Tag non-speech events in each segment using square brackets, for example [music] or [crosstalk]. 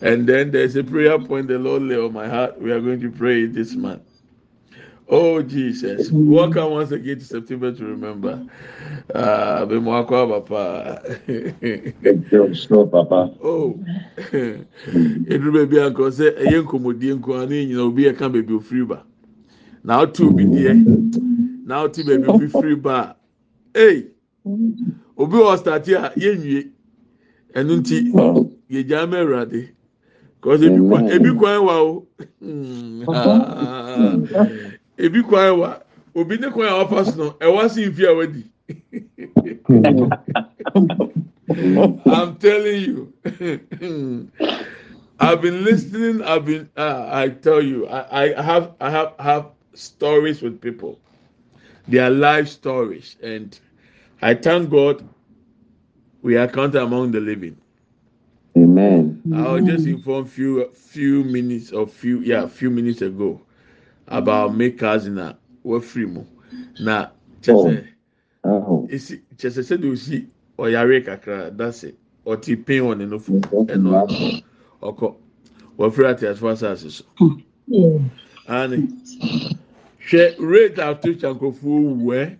And then there's a prayer point the Lord lay on my heart. We are going to pray this month. Oh Jesus, welcome once again to September to remember. Uh, Papa. so, [laughs] Papa. Oh, it will be uncle say a young comedian, you know, be a can baby free bar. Now, to be there. now, to be free bar. Hey, Obi was that here, and Nunti ebi mm-hmm. ah, obi ne [laughs] i'm telling you i've been listening i've been uh, i tell you I, I have i have have stories with people their life stories and i thank god we are counted among the living Amen. I was just informed few few minutes or few yeah few minutes ago about me cousin na wafiri mu na kyerɛ esi kyerɛ sɛ de osi ɔyare kakra dase ɔte pin and no, mm-hmm. nofo ɛna ɔkɔ wafiri ati asfo asase so hmm. ani ah, hwɛ rate two kyankofoɔ wuɛ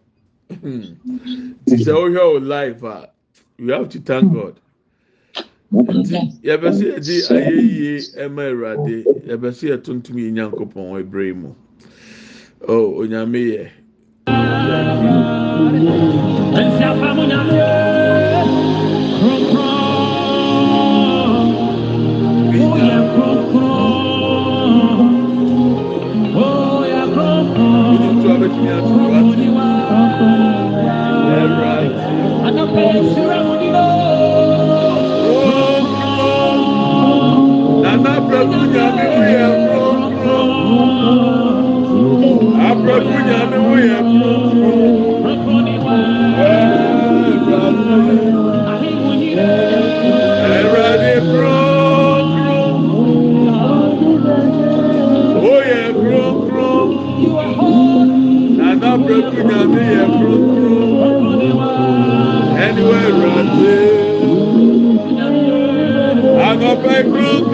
ti sɛ wohwɛ o life ah. you have to thank hmm. God nti yɛbɛ sɛ yɛdi ayɛ yie ɛma awurade yɛbɛ sɛ yɛ tuntum yɛ nyankopɔn ebere mu o onyame yɛ. Nsiafa mu nyame, kronkron. rek ae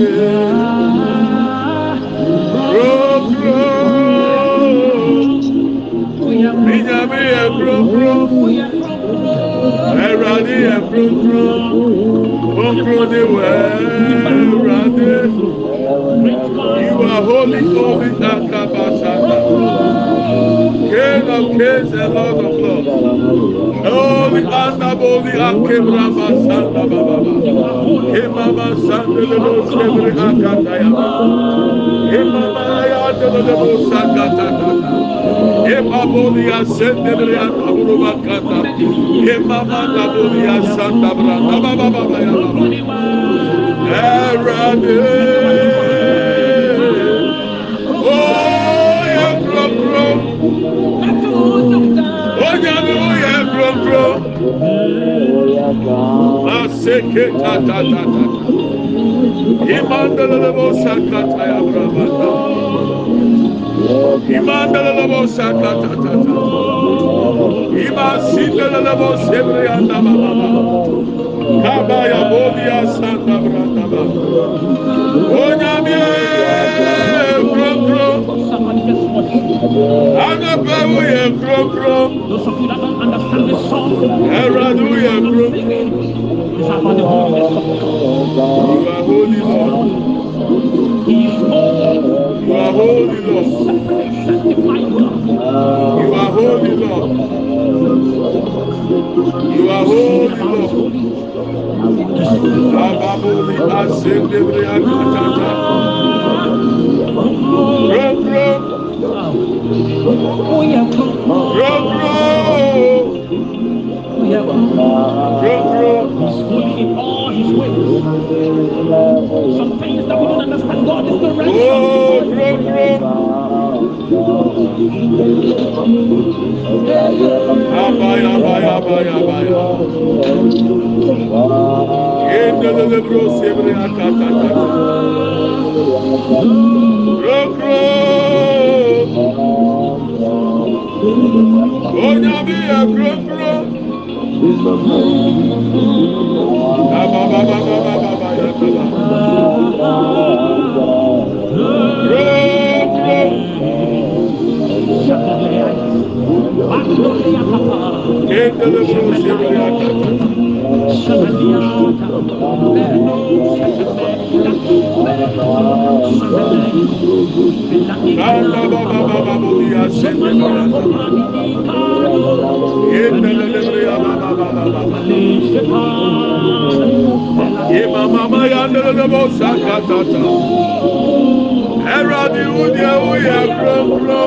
You are holy, holy, and King of kings and Lord of lords. Oh, we pass the body and Kibra Santa Baba. Imama Santa the most Kibri Hakatayama. Imama Yata the most Sakatata. Imabodia Sendebri and Aburubakata. Imama Tabodia Santa Branda Baba Baba Yama. Eradi. la ta. Maseke tatatata. Imandalalabo sakata la ta. Imandalalabo sakatatata. Imasindalalabo sebriyanda baba. Kabaya bobiya santa brata. onyame kurokuro anapa wo yɛ kurokuro ɛwurade wo yɛ kurokuro you are holy lord. He is holy. You are holy, Lord. You are holy, Lord. iwaboonila ababuni asendebeaktaka Yet the delivery of Ima mama ya ndolo bo saka tata. Era di udi ewu ya kro kro.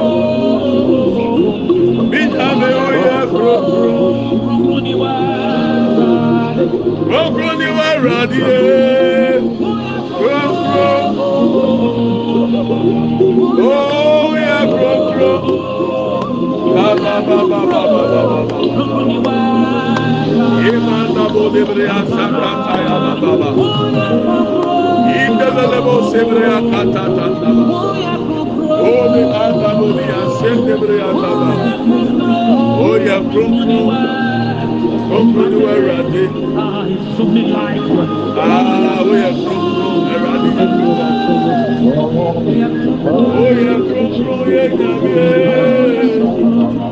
Bita me ewu ya kro kro. Kro kro ni wa radi e. Kro kro. Oh ya kro kro. Ba ba ba ba ba ba ba ba. Emanda bodebrea sabrata ya baba. Indelele bo sebrea katata baba. Ode anda bodia sebrea baba. Oya krumpu. Krumpu du erade. Ah, oya krumpu erade. Oya krumpu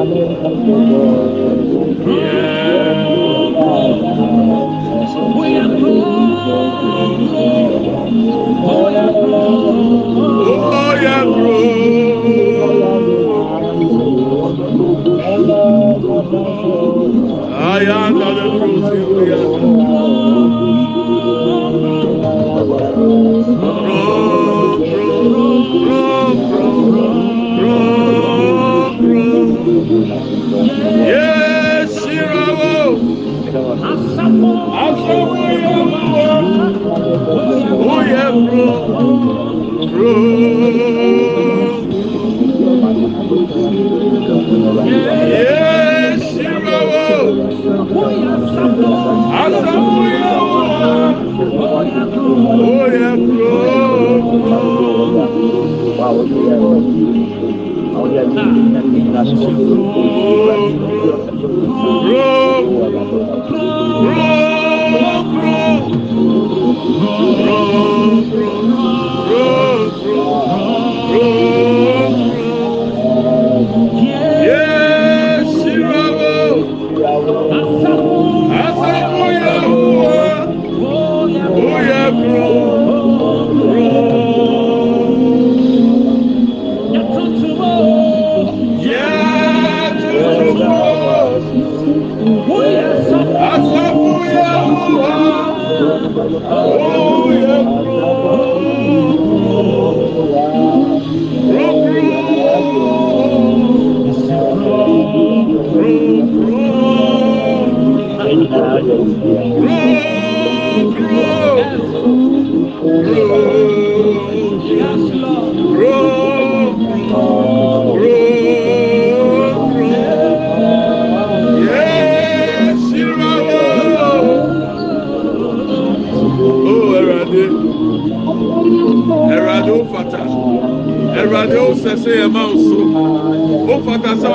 I am not a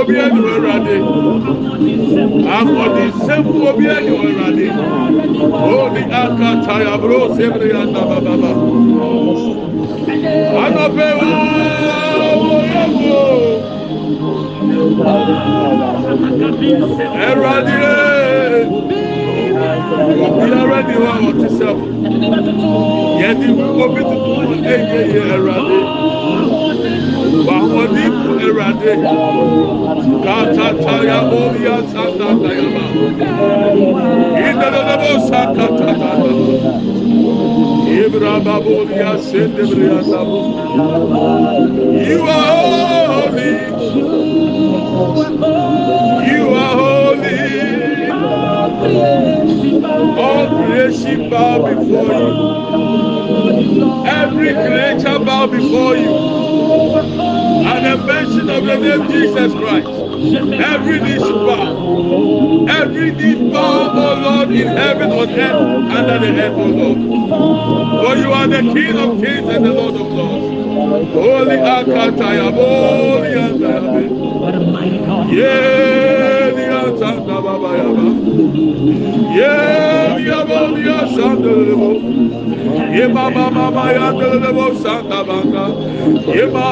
obi ɛnu ɛwurade akɔdi nsɛmú obi ɛnu ɛwurade obi aka taya aburo sebiri ya nabababa anɔpɛ wo wɔyɛwo ɛwurade obiara ni wa ɔti sɛ yɛdi obi tuntun ɛyɛ yɛ ɛwurade. wawɔdi kunerade katataya bobia satakaya bao idadɔdɔbosa kataaba iebera ababobia se debereyasabo aoliaholi ɔkiresi ba bipoi Every creature bow before you. At the mention of the name Jesus Christ, every knee should bow. Every knee bow, O oh Lord, in heaven, or earth, under the earth, O Lord. For you are the King of kings and the Lord of lords. Holy Akatayam, holy God! Yeah. Yaba. Ye Yaba Ya Sandelebo. Ye Baba Mama Ya Delebo Santa Banga. Ye Ba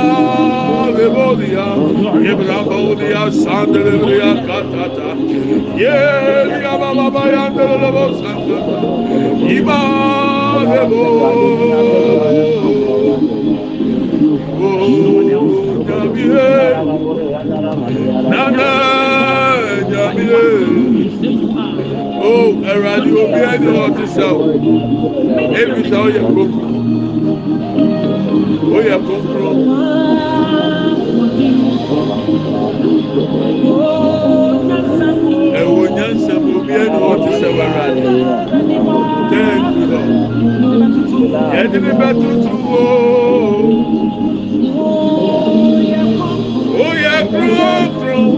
Lebo Ye Brabo Dia Sandelebo Ya Ye Yaba Mama Ya Delebo Santa. E Iba nyamire o ɛwurade obi ɛni ɔte sɛw ebi sɛ ɔyɛ koko ɔyɛ kokoro ɛwɔ nyansam obi ɛni ɔte sɛw ɛwurade tɛɛku lɔ yɛde ne bɛ tutu woo ɔyɛ kurokuro.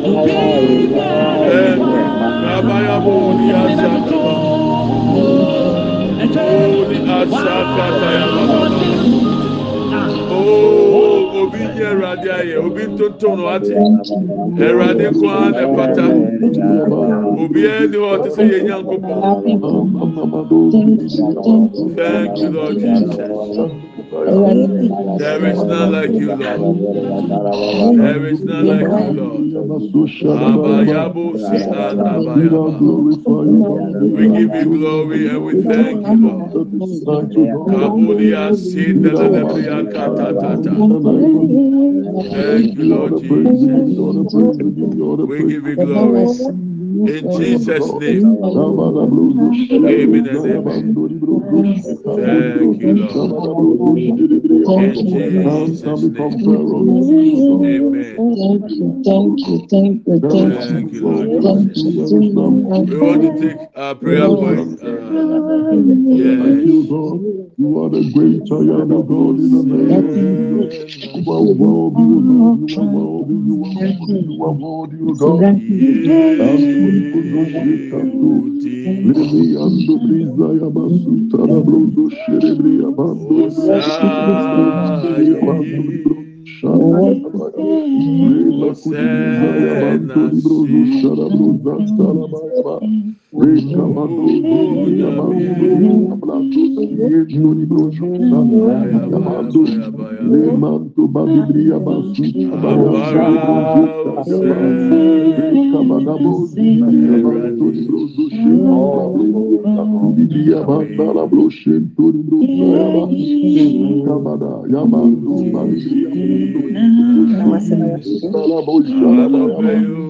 Rabaya Boni Asakaba. Boni Asakata Yababa. Oh, Obi nye Eradi ayẹ, Obi tuntun no ati. Eradi kọ́ á nẹ pata. Obi ẹ ni ọ ti sẹ yẹ nyankopọ. Thank you Lord Jesus. There is none like you, Lord. There is none like you, Lord. Yabu, Yabu. We give you glory and we thank you, Lord. Thank you, Lord Jesus. We give you glory. In Jesus' name. Amen amen. Thank you, Lord. In Jesus' name. Amen. Thank you, thank you, thank you, Lord. We want to take a prayer point. Uh, yes. You are the great I am, God, in the name of Jesus. You are worthy, you are worthy, you are worthy, you are worthy, you are worthy, you are worthy. Lemeando brisaya basu tarabroso xerebria bando Levando Lema kudizaya bando libroso xarabrosa Yamando, é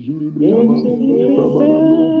não não, abandonou.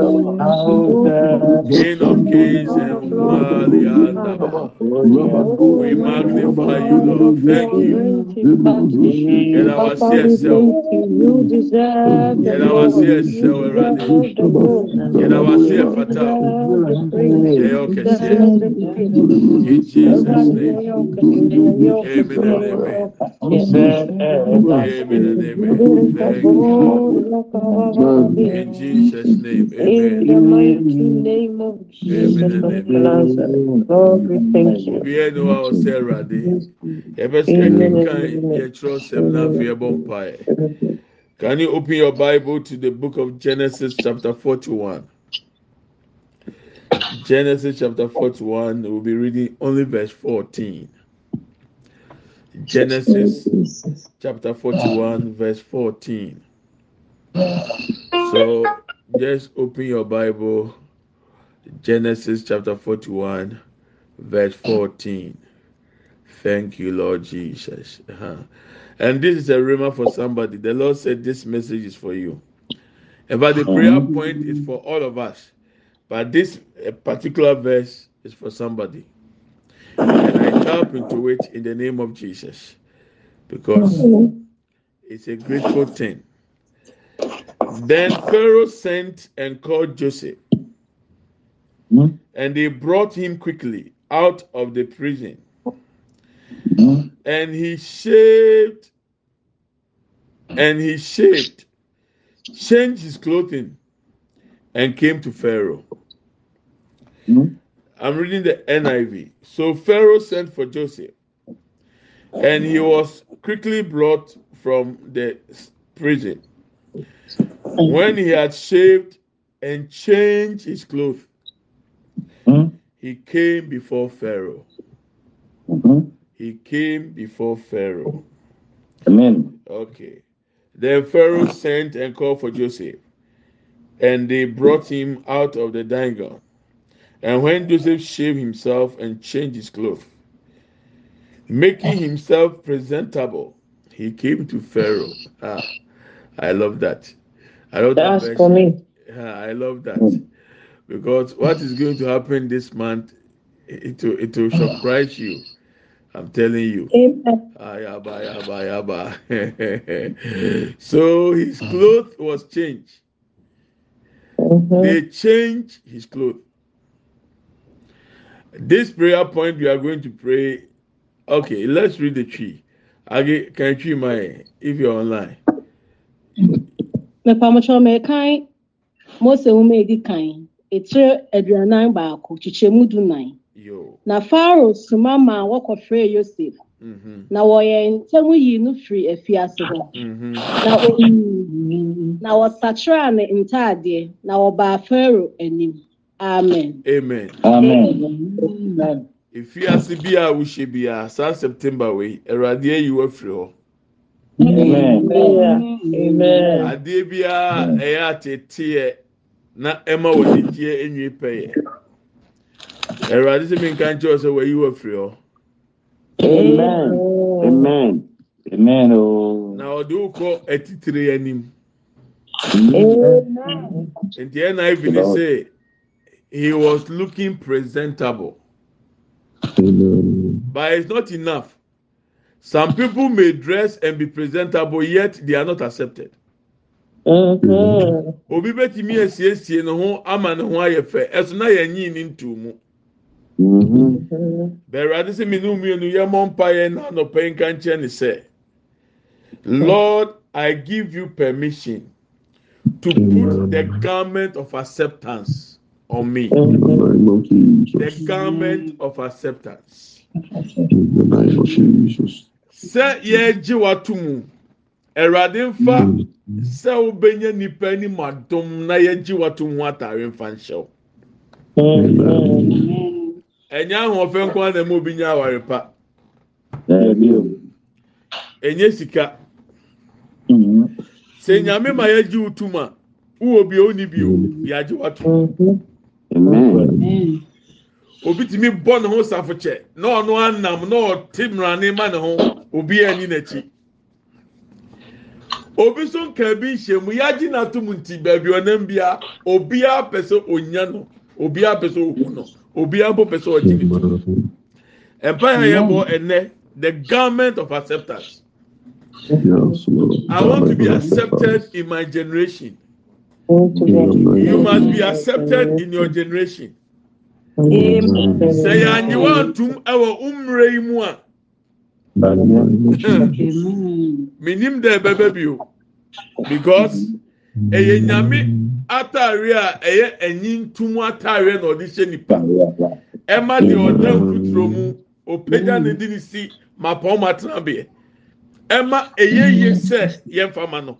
of and We magnify you, Lord. Thank you. And our CSL. And our CSL around And our CFATA. In Jesus' name. Amen and amen. Amen and amen. Thank you. In Jesus' name. In the mighty name of Jesus of Nazareth, Lord, we thank you. Can you open your Bible to the book of Genesis chapter forty-one? Genesis chapter forty-one. We'll be reading only verse fourteen. Genesis chapter forty-one, verse fourteen. So just open your Bible, Genesis chapter 41, verse 14. Thank you, Lord Jesus. Uh-huh. And this is a rumor for somebody. The Lord said this message is for you. And but the prayer point is for all of us. But this particular verse is for somebody. And I jump into it in the name of Jesus. Because it's a grateful thing then Pharaoh sent and called Joseph, hmm? and they brought him quickly out of the prison. Hmm? And he shaved, and he shaved, changed his clothing, and came to Pharaoh. Hmm? I'm reading the NIV. So Pharaoh sent for Joseph, and he was quickly brought from the prison. When he had shaved and changed his clothes, mm he came before Pharaoh. Mm-hmm. He came before Pharaoh. Amen. Okay. Then Pharaoh sent and called for Joseph, and they brought him out of the dungeon. And when Joseph shaved himself and changed his clothes, making himself presentable, he came to Pharaoh. Ah, I love that. I love That's that. for me. Yeah, I love that. Hmm. Because what is going to happen this month, it will, it will surprise you. I'm telling you. Ah, [laughs] so his hmm. cloth was changed. Mm-hmm. They changed his cloth. This prayer point we are going to pray. Okay, let's read the tree. Okay, can you my if you're online? mepamotwerɛ mekan mose nwoma edi kan etire aduanan baako kyikyɛmu du nan na faro soma ma wɔkɔfrɛ yosef mm-hmm. na wɔyɛ ntɛm yi no firi afiase hɔ mm-hmm. na oyi na wɔsakyerɛ ne ntaadeɛ na wɔbaa faro anim amen. amen. amen. efiase bi a wohyɛ bi a saa september wei awurade ayi wafiri hɔ adeɛ biara ɛyɛ ateteɛ na ɛma wɔteteɛ enyi pɛyɛ awurade sɛ minka nkyɛw sɛ wɔayi wɔ firi hɔ oh. na ɔde wokɔ atitire anim nti niv ne sɛ he was looking presentable but it's not enough Some people may dress and be presentable, yet they are not accepted. Mm-hmm. Obi bɛtumi asiesie ne ho ama ne ho ayɛ fɛ ɛso na yɛnyi ne ntumu. Mm-hmm. Bɛwurade sɛ mmienu mmienu yɛ mɔ mpa yɛn na anɔpɛ nka nkyɛn ne sɛ. Lord, I give you permission to put the mm-hmm. garment of acceptance on me. The garment of acceptance. sɛ yɛregye wato mu awurade mfa sɛ wobɛnya nipa anim adom na yɛgye wato mu atare mfa nhyɛw ɛnyɛ ahoɔfɛ nko ara na ɛma obi nya aware pa ɛnyɛ sika sɛ nyame ma yɛgye wo tum a wowɔ bia woni bio yɛagye wato obi tumi bɔ ne ho safokyɛ na ɔno anam na ɔte mmerane ma ne ho obi ani n'akyi obi nso nka bi nhyɛ mu yagye n'atum nti baabi ɔnam bia obiara pɛ sɛ onya no obiara pɛ sɛ ohu no obiara mpo pɛ sɛ ɔgye ne ti empire yɛ bɔ ɛnɛ the government of acceptance i want to be accepted in my generation you must be accepted in your generation sɛ yanyiwa ntum ɛwɔ umre yi mu a menim dɛ ɛbɛbɛ bio because ɛyɛ nyame atare a ɛyɛ ɛnyi ntum atare na ɔde hyɛ nipa ɛma deɛ ɔda mfuturo mu ɔpagya ne de ne si mapɔn ma tena beɛ ɛma ɛyɛ yie sɛ yɛmfa ma no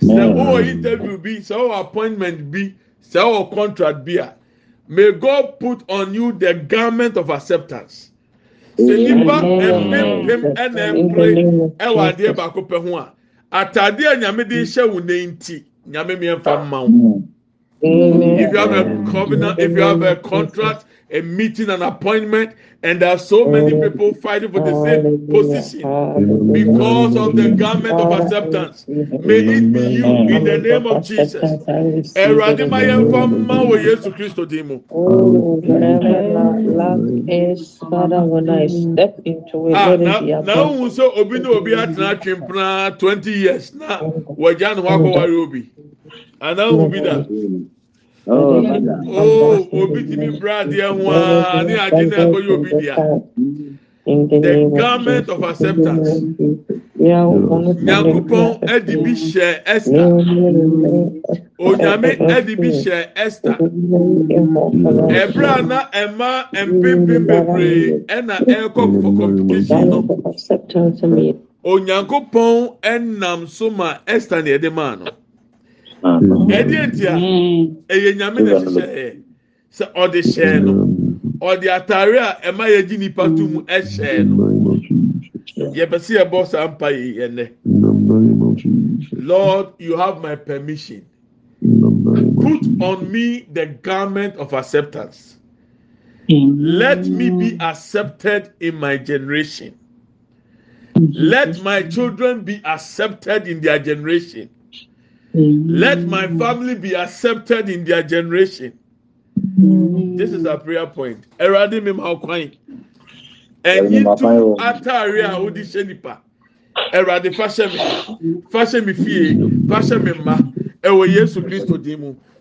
sɛ ɔwɔ interview bi sɛ ɔwɔ appointment bi sɛ ɔwɔ contract bi a may god put on you the garment of acceptance sɛ mpempem ɛna mpere ɛwɔ adeɛ baako pɛ ho a ataadeɛ a nyame de hyɛ wo ne nti nyame mmiɛnfa mma wo if you have a covenant if you have a contract. a meeting, an appointment, and there are so many oh, people fighting for the same position because of the garment of acceptance. May it be you in the name of Jesus. Ẹ̀rọ̀dì máa yẹ fún ọmọ wo Yéṣu Kristo dín mu. Náà ń sọ obi ní obi atena twenty years now. wọ́n John ni wọ́n akọ wáyé obi. Àná ń bi Oh, oh, obi ti mi bra adeɛ nwaa ne agye na ɛkɔ yɛ obi dea the government of acceptance nyankopɔn ɛde bi hyɛ esther onyame ɛde bi hyɛ esther ɛbrɛ a na ɛma mpempem bebree ɛna ɛrekɔ for complication no onyankopɔn ɛnam so ma esther na ɛde maa no. ɛyɛ mm. mm. nyame na ɛhyehyɛ sɛ hyɛ no mm. ataare a ɛma yɛ nipa mu ɛhyɛ no yɛbɛsi ɛbɔ saa mpa yi lord you have my permission put on me the garment of acceptance let me be accepted in my generation let my children be accepted in their generation. Let my family be accepted in their generation. This is a prayer point. Erade mim how kwan. Ẹyin tu atare a odi ṣe nipa. Erade fashion mi fashion mi fie fashion mi ma. Ẹwọ Yesu Kristo di mu.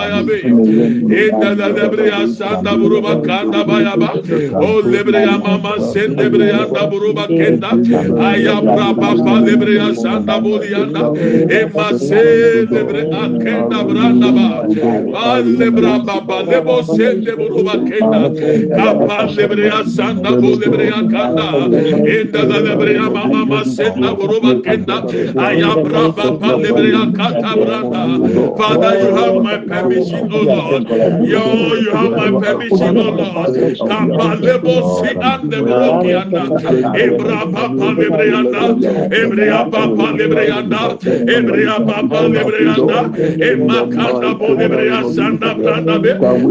bayabe. debre ya sanda buruba kanda bayaba. O lebre ya mama sen debre ya da buruba kenda. Ayabra baba lebre ya sanda boli yanda. Ema se lebre akenda branda ba. Alebra baba lebo sen de buruba kenda. Kapa lebre ya sanda bu lebre ya kanda. Enda da ya mama sen da buruba kenda. Ayabra baba lebre ya kata branda. Father, you have my permission. o ebraae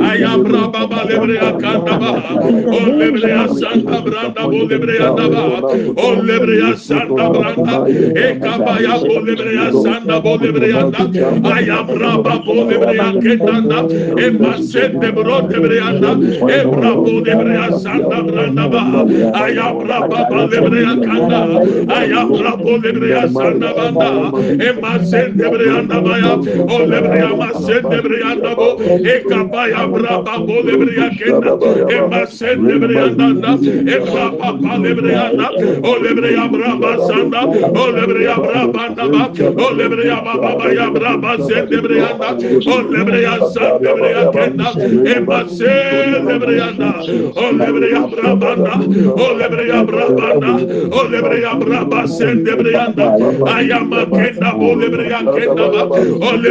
aybra breasabraa eabayao ketanda e masete brote breanda e brabo de brea santa branda ba aya braba ba de brea kanda aya brabo de brea santa banda e masete breanda ba o de brea masete breanda bo e kapaya braba bo de brea kenda e masete breanda da e braba de brea da o de brea braba santa o de brea braba da o de brea ba ba ya braba sete breanda o de brea amaababbbrabrabasendebranda ayamakenabolebrakaa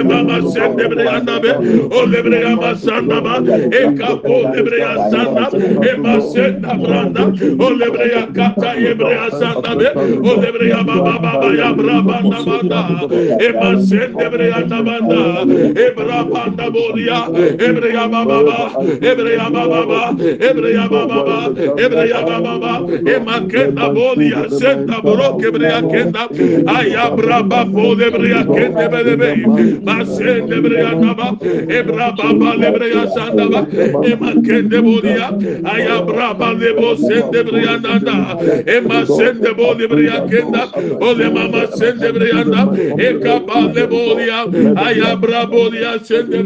madbraae olebramasanaba ekapo lebraa masabraa olebrea kakayebreasaae babbba emakenda bolia senda brokebreakenda ayabrababolebreakendeb masendbreanaba ebrababalebreasaba emakende bolia ayabrabalebosendebreaada emasende bolibreakenda olema masendebreanda ekabale bolia ayabrabolia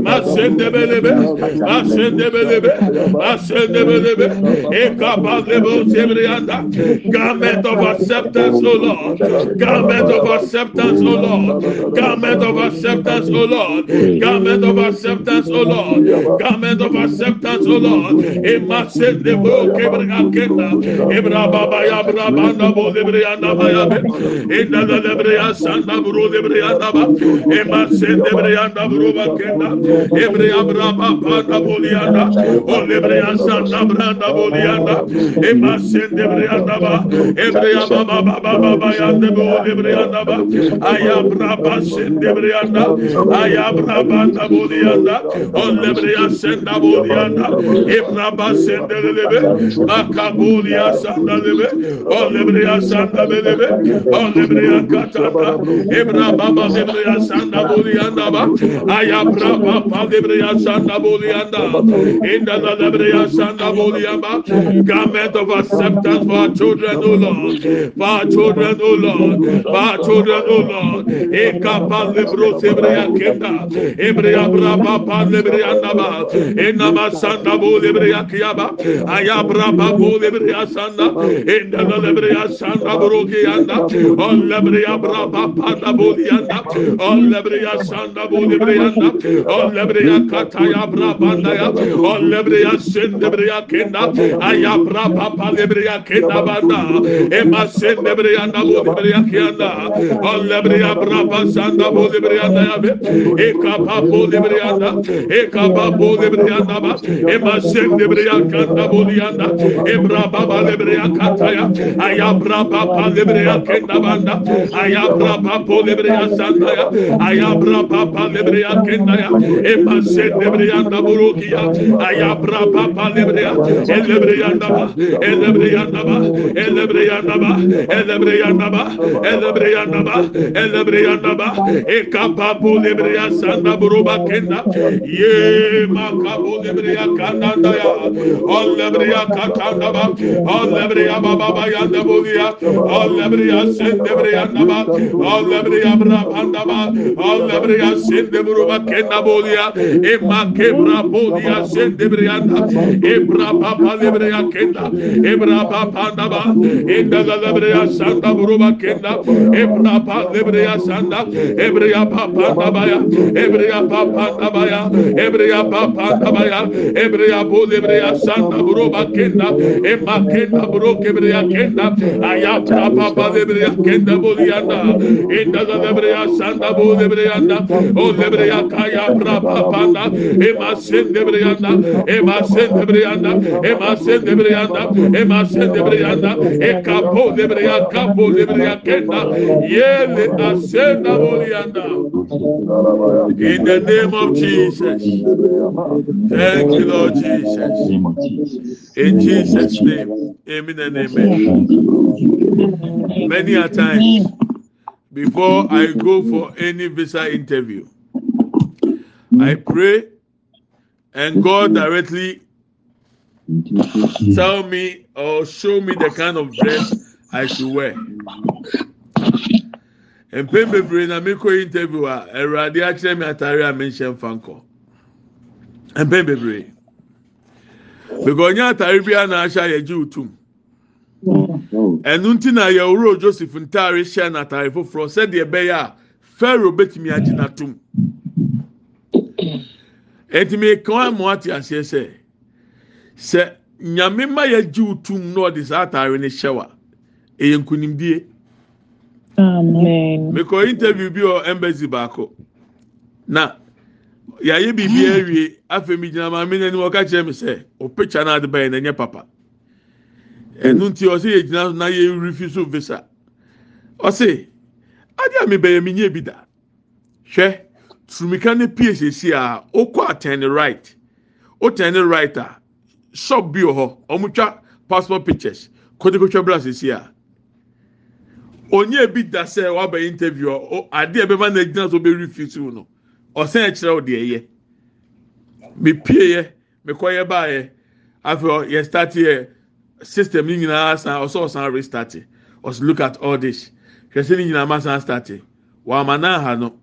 masendebelebe masendebelebe masendebelebe ekabadebo garment of acceptance o lord garment of acceptance o lord garment of acceptance o lord garment of acceptance o lord garment of acceptance o lord emasendebo kebriyanda ebrababa yabrabanda bo sebriyanda bayabe endelebriyanda sanda bro sebriyanda ba emasendebriyanda bro bakenda ebre abraba pata bolianda olebre asa tabranda bolianda ema sende brianda ba ebre ababa baba baba yande bo olebre anda ba ayabraba sende brianda ayabraba da bolianda olebre boliana, bolianda ebraba sende lebe bakabuli asanda lebe olebre asanda lebe olebre katata, ebra baba ebre asanda bolianda ba ayabraba rsblɩba ataa al kaalébrosébrɩakda brɩabralr amasdblé brɩakyaba yábraa lé rsd l rsdbrokd lɛ brɩyabrad blɩda lɛ brɩyasdblé ra Olebreya kataya ya Olebreya sendebreya kenda. Ayabra papa lebreya kenda banda. Ema sendebreya na bu lebreya kenda. Olebreya braba sanda bu lebreya na yabe. Eka papo lebreya na. Eka papo lebreya na ba. Ema sendebreya kenda bu yanda. Ebra baba lebreya kataya. Ayabra papa lebreya kenda banda. Ayabra papo lebreya sanda ya. Ayabra papa lebreya kenda ya. Emasendebreyan da burukiya. Ayabra papa lebreya. Elebreyan da ba. Elebreyan da ba. Elebreyan da ba. Elebreyan da ba. Elebreyan da ba. Elebreyan da ba. Ekapa bu lebreya sanda buruba kenda. Ye makabu lebreya kananda ya. Ol lebreya katanda ba. Ol lebreya baba bayan da buruya. Ol lebreya sendebreyan da ba. Ol lebreya brabanda ba. Ol lebreya sendebruba kenda bu bolia e ma kebra bolia sende brianda e braba palebrea kenda e braba da ba e da da da brea santa buruba kenda e braba lebrea santa e brea papa da baya e brea papa da baya e brea papa da baya e brea bo lebrea santa buruba kenda e ma kenda bro kebrea kenda aya braba palebrea kenda bolia da e da da da brea santa bo lebrea da o lebrea kaya brianda brianda brianda brianda de de kenda yele in the name of Jesus thank you Lord Jesus in Jesus name amen and amen many a times before I go for any visa interview I pray, and God directly tell me or show me the kind of dress I should wear. And mpɛn bebree na mi kɔ interview a awurade me atari I a mi And pay me for. bebree because nye atare bi a na ahyɛ a yɛgye And ɛnu nti na yɛworo joseph ntaare hyɛ na atare foforɔ sɛdeɛ ɛbɛyɛ a pharaoh betumi agyina tum. Mm -hmm. ɛtumi kan amu ati aseɛ sɛ sɛ nyame ma yɛ gye wo na ɔde saa ataare no hyɛ wa ɛyɛ nkunimdie mekɔ interview bi wɔ embassy baako na yàyɛ biribi awie afei mi gyina maame n'anim ɔka kyerɛ mi sɛ o picture naa de ba yɛ papa ɛnu ti ɔsi yɛ gyina so na yɛ refi so visa ɔsi adi a mi mi nye bi da hwɛ. sumika ne pie sisi a okɔ atɛn right otɛn ne right a shop bi wɔ hɔ wɔn twa passport pictures kotokotwa bra sisi a onye bi da sɛ waba interview a adeɛ bɛma na gyina so bɛ refuse no ɔsɛn ɛkyerɛw deɛ yɛ mepie yɛ mekɔyɛ baayɛ afei yɛ start yɛ system ni nyinaa san ɔsɛ ɔsan restart ɔsɛ look at all this hwɛ ni ne nyinaa ma san start wɔn amana ha no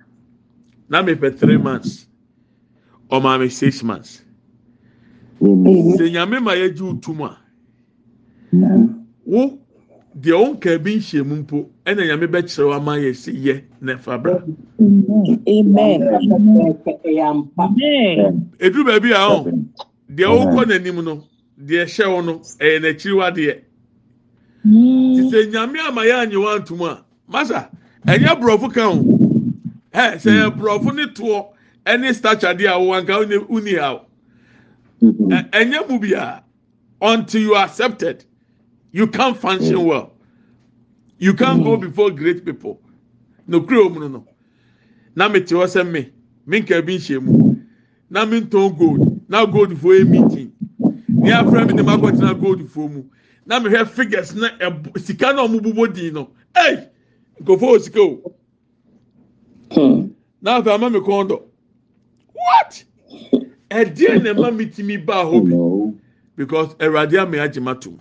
na mepɛ three months ɔmaa me six months sɛ nyame ma yɛgye wo tum a wo deɛ wo nka bi nhyɛ mu mpo ɛna nyame bɛkyerɛ wo ama yɛ sɛ yɛ na ɛfa bra ɛduru baabi a ɔ deɛ wokɔ n'anim no deɛ ɛhyɛ wo no ɛyɛ n'akyiri wadeɛ hmm. nti sɛ nyame ama yɛ anyewa ntom a masa ɛnyɛ borɔfo ka ho ẹ sẹ hmm. burọfo ne toɔ ɛne stature deɛ awo anka uni ha hmm. ɛnyɛ mu bia until you are accepted you can function hmm. well you can go before great people nokure omu no na mi te hɔ sɛ mi mi nka bi nhyɛ mu na mi ntɔn gold na gold fo yɛ meeting ní afra mi ni ma kɔ tena gold fo mu na mi hwɛ figures na ɛbo sika na ɔmo bobɔ din no ɛy nkɔfo wɔ sika na afei ama mi kɔn dɔ what ɛdeɛ na ɛma mi ti mi ba hɔ bi because ɛwurade ama agyima to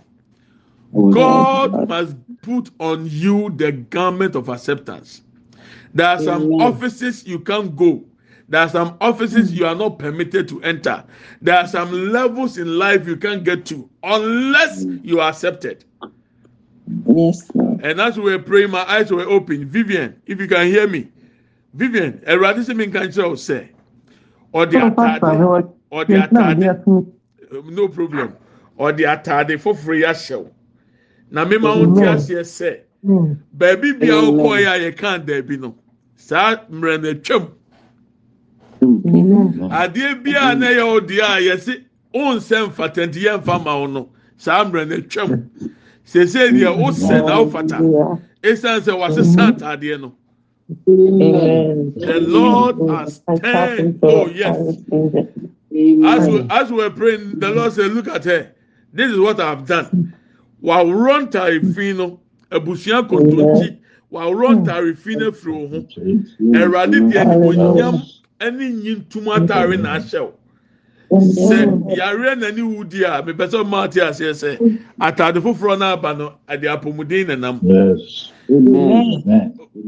God must put on you the garment of acceptance. There are some offices you can't go. There are some offices you are not permitted to enter. There are some levels in life you can't get to unless mm. you are accepted. Yes. And as we were praying, my eyes were open. Vivian, if you can hear me. vivian awurade sẹ mi nka kyerɛ o sɛ ɔde ataade ɔde ataade no problem ɔde ataade foforɔ yi ahyɛw na mema wo te aseɛ sɛ baabi bia wokɔ yɛ a yɛka daabi no saa mmerɛ no atwam adeɛ bia na ɛyɛ wo deɛ a yɛse wonsɛ mfatɛnti yɛmfa ma wo no saa mmerɛ no atwam sɛsɛ deɛ wosɛ na wofata ɛsiane sɛ wasesa ataadeɛ no Amen. The Lord has turned. Oh, yes. As we, as we were praying, the Lord said, Look at her. This is what I've done. While run tarifino, kotonti, wawurɔnta efino firi ho. Ɛwurade deɛ ni onyam ɛne nyi ntoma ataare na ahyɛw. sɛ mm-hmm. yare n'ani wu di a mepɛ sɛ ɔmo ate aseɛ sɛ mm-hmm. ataade foforɔ no aba no ɛde apɔmuden na nam mm.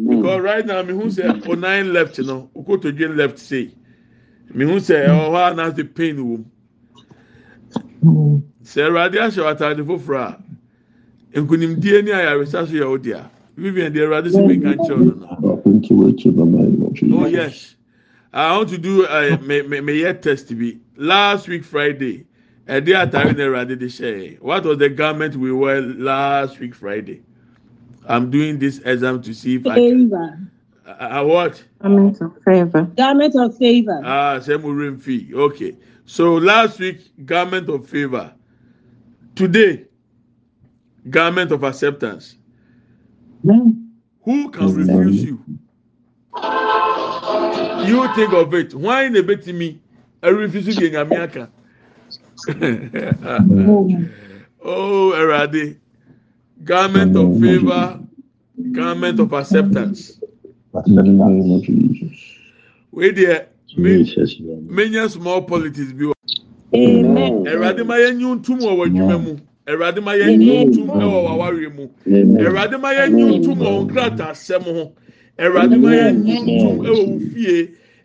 because right now mihu sɛ onan left no okotodwe left sei mihu sɛ ɛwɔ hɔ a n'ase pain wɔ mu mm-hmm. sɛ ɛwurade ahyɛ ataade foforɔ a nkunimdie ne ayaresa so yɛ ɔdia vivian deɛ ɛwurade sɛ mi nka nkyɛn no oh yes i want to do uh, me me me yɛ test bi. last week Friday. Ẹdí àtàrí náírà àdédé ṣe. What was the garment we wear last week Friday? I'm doing this exam to see if favor. I can. Uh, what? Garment of favor. Garment of favor. Ah, ring fee. Okay. So last week, garment of favor. Today, garment of acceptance. No. Who can refuse you? You think of it. Why in a bit me? ɛrefisu deɛ nyame aka [laughs] oh ɛwurade garment of favour garment of acceptance wei deɛ menya small politics bi wɔ ɛwurade ma yɛn nyu ntum wɔ wɔ mu. Awurade ma yɛn nyi ntum wɔ w'awareɛ mu. Awurade ma yɛn nyi ntum wɔ nkrataa sɛm ho. Awurade ma yɛn nyi ntum wɔ e wo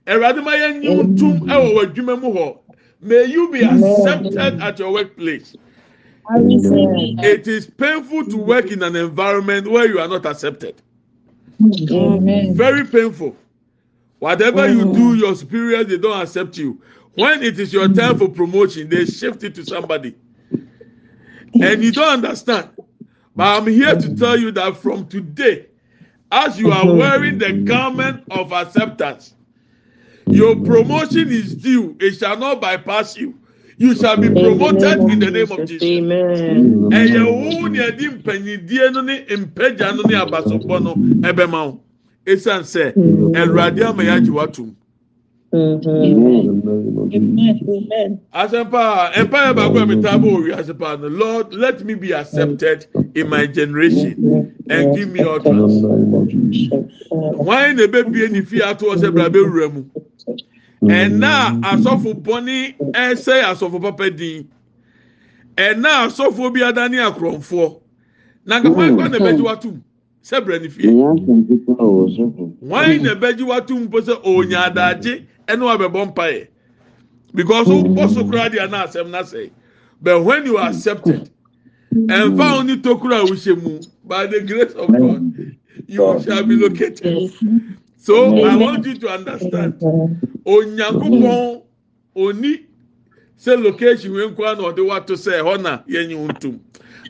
Awurade ma yɛ nyi ntum ɛwɔ w'adwuma mu hɔ. May you be accepted at your workplace. It is painful to work in an environment where you are not accepted. Very painful. Whatever you do, your superiors they don't accept you. When it is your time for promotion, they shift it to somebody. And you don't understand. But I'm here to tell you that from today, as you are wearing the garment of acceptance, Your promotion is due, it shall not bypass you. You shall be promoted in the name of Jesus. Ẹ̀yẹ̀ wo ni ẹ̀dí mpanyindie no ní mpẹ́jà no ní abasọ̀pọ̀ no ẹ̀bẹ̀ ma o? Esan sẹ, ẹ̀rọ adé ama yá jù tum. Asempa empire baako ẹ̀mi taabo asempa Lord let me be accepted in my generation and give me utterance. Wọ́n ayé na ebe bie ni fi ato ọsẹ bẹ̀rẹ̀ abẹ́ ɛna asɔfo bɔne ɛsɛ asɔfo papa din ɛna asɔfo bi adane akorɔmfoɔ na nkama nkwa na ɛbɛgye watum sɛ brɛ ne fie wɔn na ɛbɛgye watum po sɛ onya adagye ɛna wabɛbɔ mpaeɛ because O so koraa deɛ na asɛm na sɛ but when you are accepted ɛnfa wo ne tokuro a wohyɛ mu by the grace of god you shall be located. So I want you to understand. Onyankopon oni se location we nkwa na ɔde wato say. Hona, na yɛnyi ntum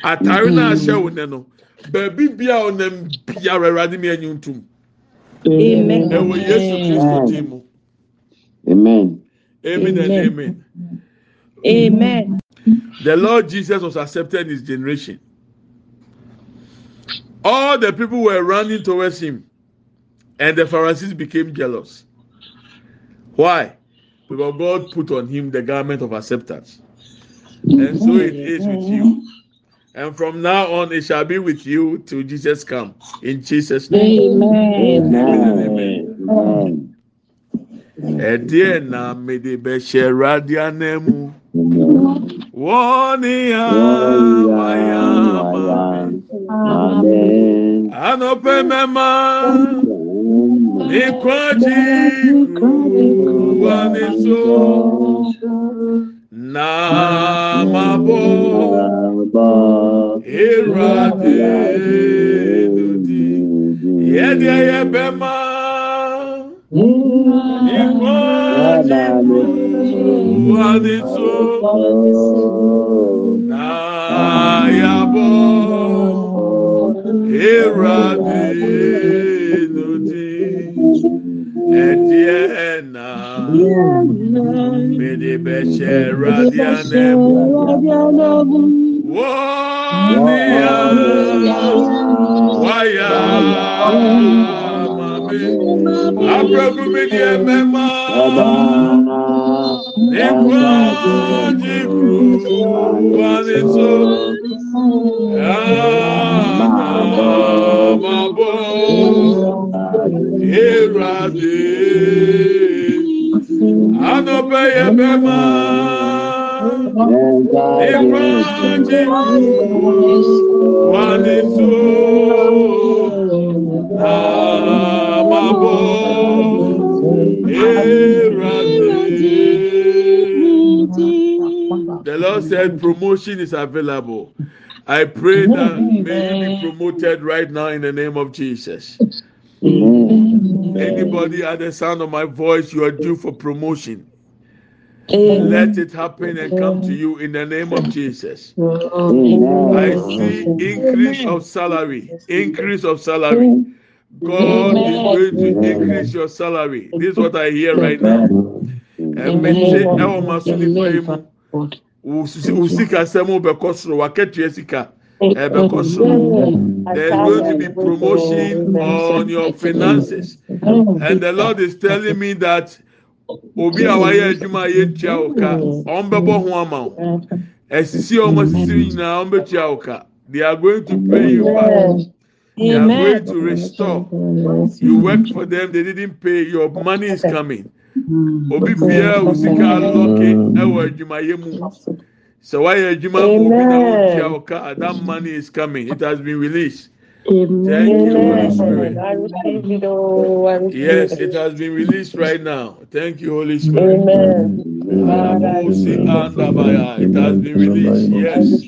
atare na ahyɛ wo ne no baabi bia ɔnam biara awurade mi Amen. ntum yesu kristo amen amen and amen amen the lord jesus was accepted in his generation all the people were running towards him and the Pharisees became jealous. Why? Because God put on him the garment of acceptance. And so it is with you. And from now on, it shall be with you till Jesus come. In Jesus' name. Amen. Amen. Amen. ɛdeɛ na mede bɛhyɛ radia na mu wɔne amayama anɔpɛ Ịkwaji ụwa na-eso na mabọ ịrụ adịghị dị ihe dị ya ebe ma ịkwaji ụwa na-eso na ya bụ ịrụ adịghị Eche radianem is available. I pray that may you be promoted right now in the name of Jesus. Anybody at the sound of my voice, you are due for promotion. Let it happen and come to you in the name of Jesus. I see increase of salary, increase of salary. God is going to increase your salary. This is what I hear right now there is going to be promotion on your finances and the lord is telling me that obi a wayɛ adwuma a yɛtua wo ka ɔn bɛbɔ ho ama wo ɛsisi a wɔn asisi nyinaa ɔn bɛtua they are going to pay you back. They are going to restore. You worked for them, they didn't pay. Your money is coming. Mm-hmm. obi biara wo sika alɔke ɛwɔ adwumayɛ mu sɛ wayɛ adwuma obi na that money is coming it has been released. Amen. Thank you, Holy Spirit. Oh, yes, it has been released right now. Thank you, Holy Spirit. Amen. It has been released. Yes.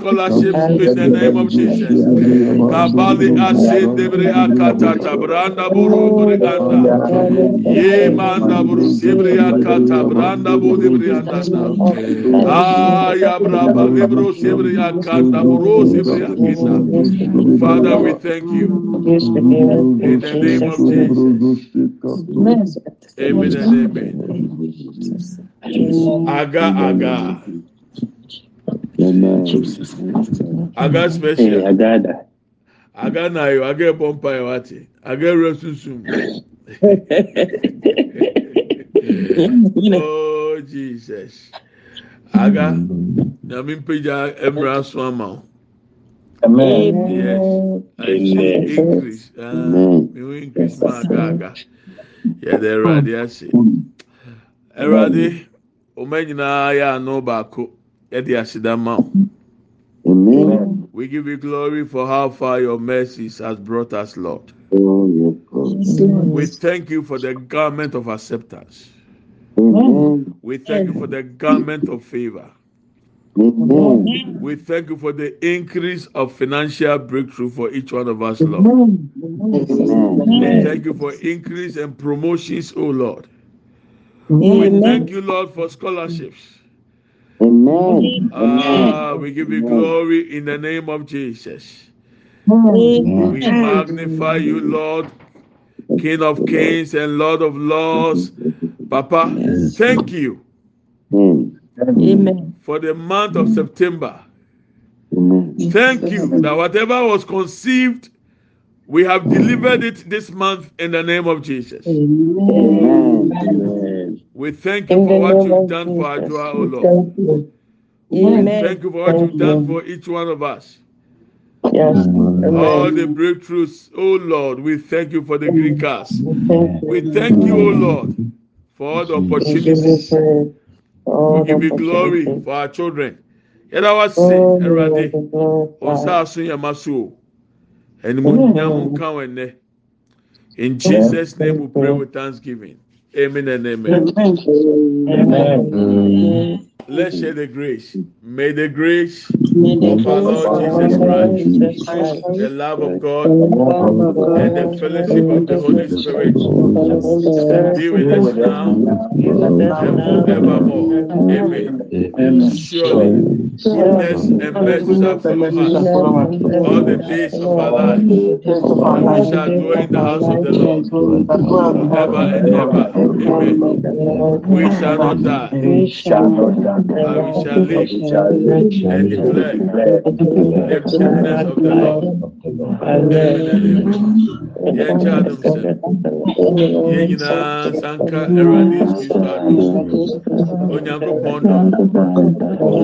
scholarship in the name of Jesus. Kabali ase debre akata tabranda buru briganda. Ye manda buru debre akata branda buru debre akata. Aya braba libro debre akata buru debre akita. Father, we thank you. In the name of Jesus. Amen and amen. Aga, aga. Jesus. Aga special. Agada. Aga na yo, aga pompa yo ati. Aga resusum. Oh Jesus. Aga na mi peja emra so ama. Amen. Yes. Amen. Increase. Uh, Amen. Increase ma aga aga. Yeah, there, Radi. Mm. Eradi, ọmọ nyinaa yà ànọ baako. ɛde ahyeda ma We give you glory for how far your mercies has brought us, Lord. Oh, we thank you for the garment of acceptance. We thank you for the garment of favor. We thank you for the increase of financial breakthrough for each one of us, Lord. We thank you for increase and promotions, O oh Lord. We thank you, Lord, for scholarships. Amen. Ah, we give you glory in the name of Jesus. Amen. We magnify you, Lord, King of kings and Lord of lords. Papa, thank you. Amen. For the month of September. Thank you that whatever was conceived, we have delivered it this month in the name of Jesus. Amen. We thank you for what you've done for our Adua, O Lord. We thank you for what you've done for each one of us. Yes. All the breakthroughs, O Lord, we thank you for the green cars. We thank you, O Lord, for all the opportunities. We give you glory for our children. Yet our sin, Erade, Yamasu, and Munyamun Kawene. In Jesus' name we pray with thanksgiving. Amen and amen. Amen. Let's share the grace. May the grace of our Lord Jesus Christ, the love of God, and the fellowship of the Holy Spirit be with us now and forevermore. Amen. Surely goodness and mercy shall follow all the days of our life. We shall dwell in the house of the Lord ever and ever. Amen. We shall not die. We shall But we shall live and declare the goodness of the Lord.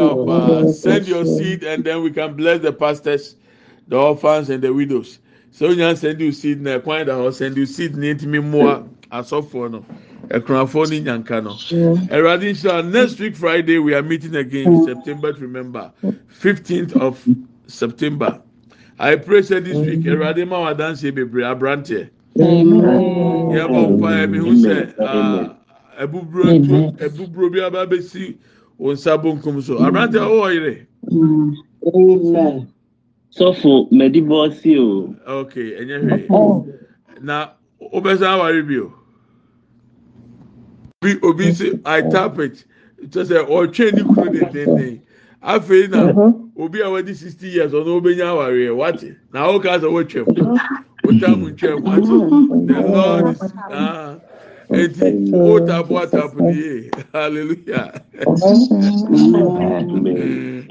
up. Uh, send your seed, and then we can bless the pastors, the orphans, and the widows. So you can send you seed na kwan da house. send you seed need me more asɔfoɔ no ɛkunafo ni nyanka no ɛwurade nhyira next week friday we are meeting again mm. september to remember fifteenth of september i pray say this week mm. Eradima ma wa danse bebree aberanteɛ e mi hu sɛ ɛbuburo ah, e e bi aba wọn nsa bonkum so aberanteɛ ɔwɔ yere. sɔfo mɛdi bɔɔsi o. ok ɛnyɛ hwee na wobɛsan awari bi o obi obi sɛ i tap it kyɛ sɛ ɔtwe de de. dendenden afei na obi a wadi sixty years ɔno obenya awari yɛ wate na awo kaa sɛ wɔtwam wɔtam ntwam wate the lord is. Uh, eti otabua taplie haleluya